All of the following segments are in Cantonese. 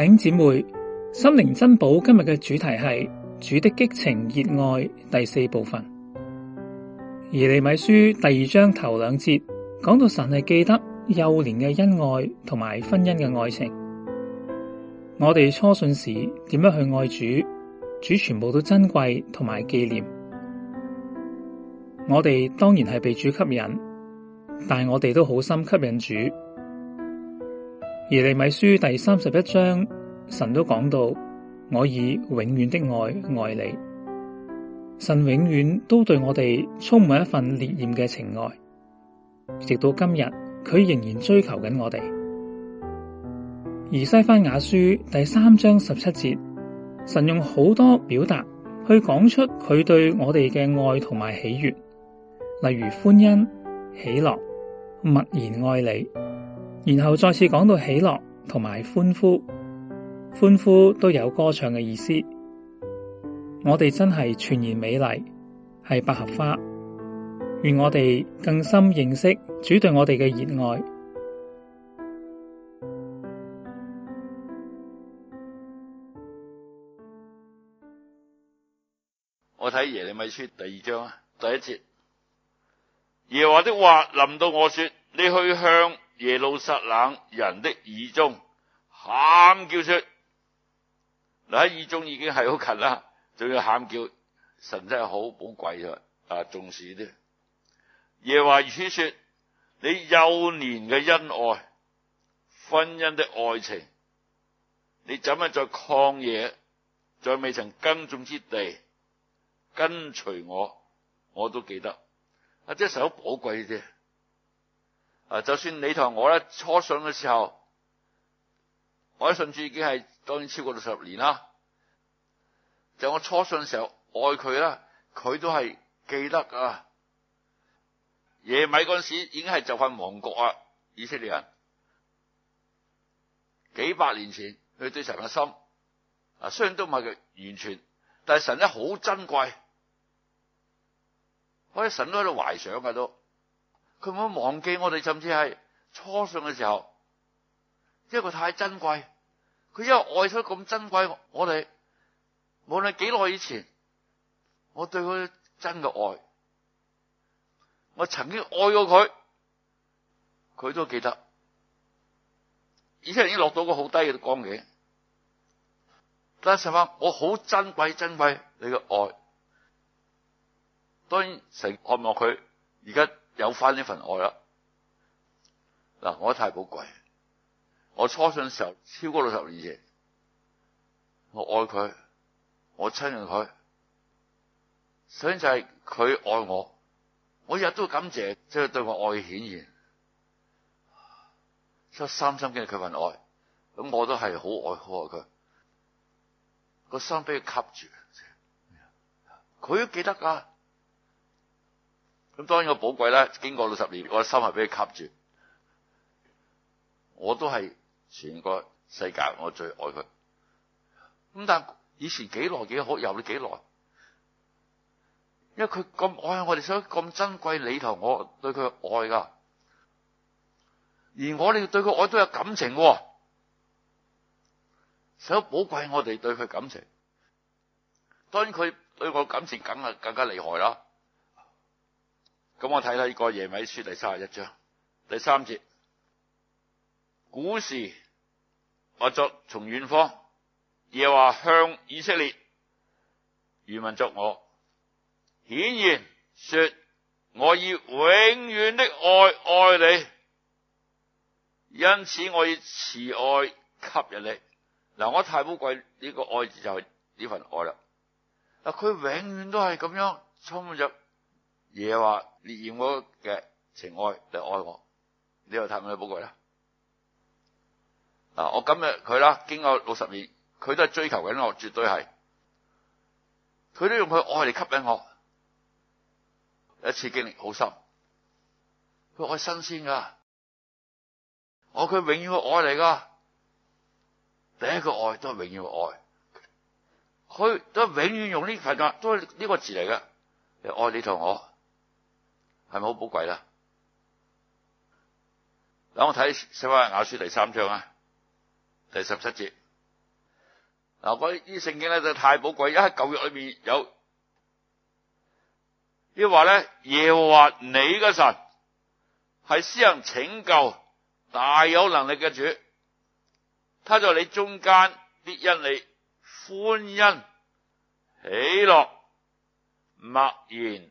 弟兄姐妹，心靈珍寶今日嘅主題係主的激情熱愛第四部分。耶利米書第二章頭兩節講到神係記得幼年嘅恩愛同埋婚姻嘅愛情，我哋初信時點樣去愛主，主全部都珍貴同埋紀念，我哋當然係被主吸引，但係我哋都好心吸引主。而耶利米書第三十一章，神都講到，我以永遠的愛愛你，神永遠都對我哋充滿一份烈焰嘅情愛，直到今日，佢仍然追求緊我哋。而西番雅書第三章十七節，神用好多表達去講出佢對我哋嘅愛同埋喜悅，例如歡欣、喜樂、默然愛你。然後再次講到喜樂同埋歡呼，歡呼都有歌唱嘅意思。我哋真係全然美麗，係百合花。願我哋更深認識主對我哋嘅熱愛。我睇耶利米書第二章啊，第一節，耶和華的話臨到我說，你去向。夜露濕冷，人的耳中喊叫出。嗱，喺耳中已經係好近啦，仲要喊叫，神真係好寶貴啊，啊重視啲。耶話如此說，你幼年嘅恩愛，婚姻的愛情，你怎麼再曠野，再未曾耕種之地跟隨我，我都記得，啊真係神好寶貴啫。啊！就算你同我咧，初信嘅時候，我信主已經係當然超過咗十年啦。就我初信嘅時候愛佢啦，佢都係記得啊。耶米嗰陣時已經係就快亡國啊，以色列人。幾百年前佢對神嘅心，啊雖然都唔係佢完全，但係神咧好珍貴，我喺神都喺度懷想噶都。佢冇忘記我哋，甚至係初上嘅時候，因為佢太珍貴，佢因為愛出咁珍貴，我哋無論幾耐以前，我對佢真嘅愛，我曾經愛過佢，佢都記得。而且已經落到個好低嘅光景。但係實話，我好珍貴珍貴你嘅愛，當然成按落佢而家。有翻呢份愛啦，嗱，我太寶貴。我初信嘅時候超過六十年夜，我愛佢，我親近佢，首先就係佢愛我，我日日都感謝，即係對我愛顯現，即係深深經歷佢份愛，咁我都係好愛，好愛佢，個心俾佢吸住，佢都記得噶。咁當然個寶貴咧，經過六十年，我嘅心係俾佢吸住，我都係全個世界我最愛佢。咁但以前幾耐幾好由你幾耐，因為佢咁愛我我哋想咁珍貴你頭，我，和我對佢愛噶，而我哋對佢愛都有感情嘅，想寶貴我哋對佢感情。當然佢對我的感情梗係更加厲害啦。咁我睇睇呢個耶米書第三十一章第三節。古時或作從遠方，耶和華向以色列原文作我，顯現說，我以永遠的愛愛你，因此我以慈愛吸引你。嗱，我太寶貴呢個愛字就係呢份愛啦。嗱，佢永遠都係咁樣充滿着。嘢話烈焰，我嘅情愛嚟愛我，你又睇唔睇到寶貴啦？嗱、啊，我今日佢啦，經過六十年，佢都係追求緊我，絕對係。佢都用佢愛嚟吸引我，一次經歷好深。佢愛新鮮噶，我佢永遠係愛嚟噶，第一個愛都係永遠嘅愛，佢都永遠用呢份啊，都係呢個字嚟嘅，你愛你同我。係咪好寶貴啦？嗱，我睇《西番雅書》第三章啊，第十七節。嗱，嗰啲聖經咧就太寶貴，一喺舊約裏面有，要話咧，耶和華你嘅神係施行拯救、大有能力嘅主，他在你中間必因你歡欣、喜樂、默然。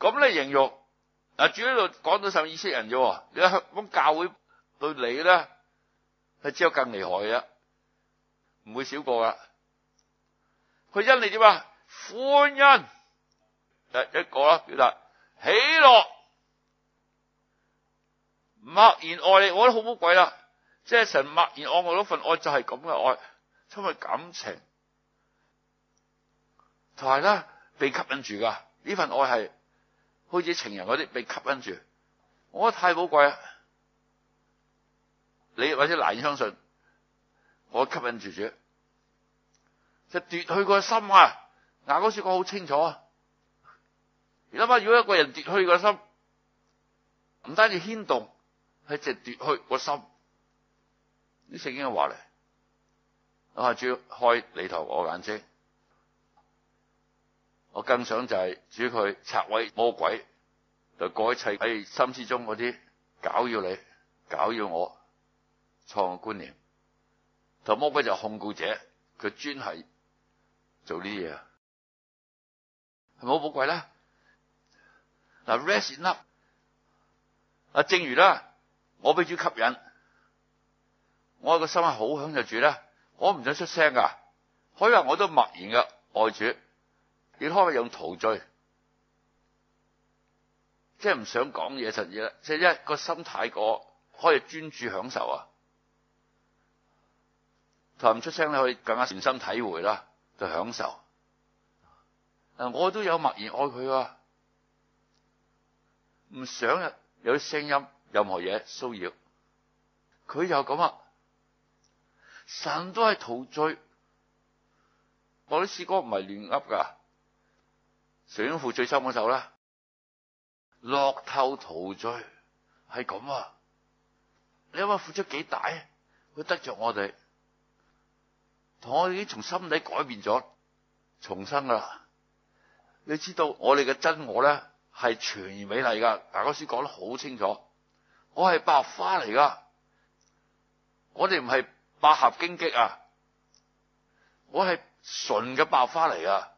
咁咧，形容嗱，只喺度講到神以色列人啫。你香港教會對你咧，係只有更厲害嘅，唔會少過噶。佢因你點啊？歡欣，就一個啦。表達喜樂，默然愛你，我覺得好烏鬼啦。即係神默然愛我嗰份愛就係咁嘅愛，充滿感情，同埋咧，被吸引住噶呢份愛係。好似情人嗰啲被吸引住，我覺得太寶貴啦。你或者難以相信，我吸引住住，就奪去個心啊！雅歌書講好清楚，你諗下，如果一個人奪去個心，唔單止牽動，係直奪去個心。啲聖經嘅話咧，啊，主要開你頭我眼睛。我更想就係主佢拆毀魔鬼，就改砌喺心思中嗰啲搞要你、搞要我創嘅觀念。但魔鬼就是控告者，佢專係做呢啲嘢啊，係咪好寶貴咧？嗱，rest up 啊，正如啦，我俾主吸引，我個心係好享受主咧，我唔想出聲噶，可以話我都默然嘅愛主。你可唔可以用陶醉，即係唔想講嘢，實嘢，即係一個心太過可以專注享受啊，就唔出聲，你可以更加全心體會啦，就享受。誒，我都有默然愛佢啊，唔想有聲音，任何嘢騷擾，佢又咁啊，神都係陶醉，我啲詩歌唔係亂噏噶。誰應負最深嗰手咧？樂透陶醉係咁啊！你諗下付出幾大啊？佢得着我哋，同我哋已經從心底改變咗，重生噶啦！你知道我哋嘅真我咧係全然美麗噶，雅歌書講得好清楚。我係百合花嚟噶，我哋唔係百合荊棘啊，我係純嘅百合花嚟噶。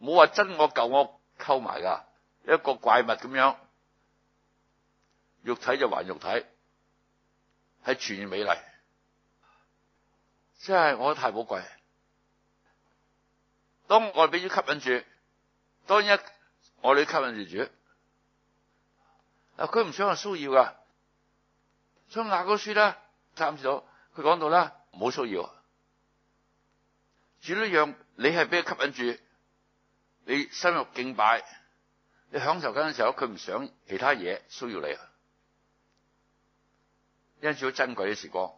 冇話真我舊我溝埋噶，一個怪物咁樣，肉體就還肉體，係全美麗，即係我太寶貴。當我俾你吸引住，當然我哋吸引住主，佢唔想話騷擾噶，所以雅歌書啦，暫時佢講到啦，唔好騷擾，主一樣，你係俾佢吸引住。你深入敬拜，你享受緊嘅時候，佢唔想其他嘢騷擾你，因住好珍貴嘅時光，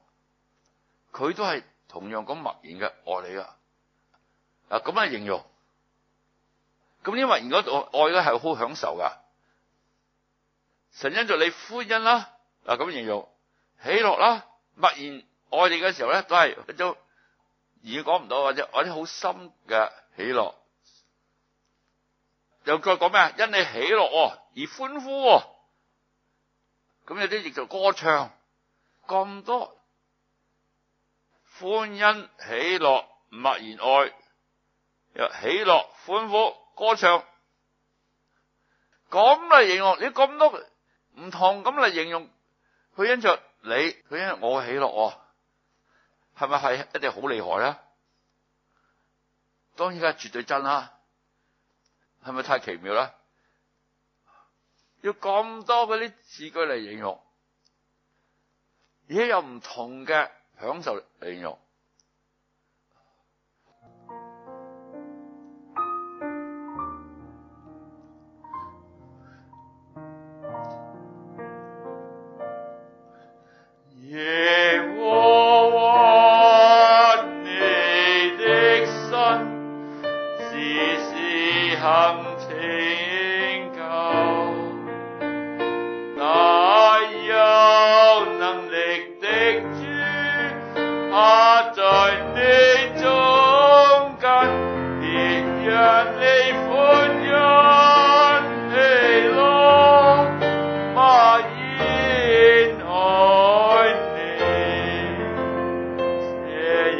佢都係同樣咁默然嘅愛你啊。啊，咁樣形容，咁呢？默然嘅愛咧係好享受噶，神因住你歡欣啦，啊咁形容喜樂啦，默然愛你嘅時候咧，都係一種而講唔到或者或者好深嘅喜樂。有句講咩？因你喜樂而歡呼，咁有啲亦就歌唱咁多歡欣喜樂、默然愛又喜樂歡呼歌唱，咁嚟形容你咁多唔同，咁嚟形容佢因着你，佢因我喜樂，係咪係一定好厲害咧？當然係絕對真啦。係咪太奇妙啦？要咁多嗰啲字句嚟形容，而且有唔同嘅享受嚟形容。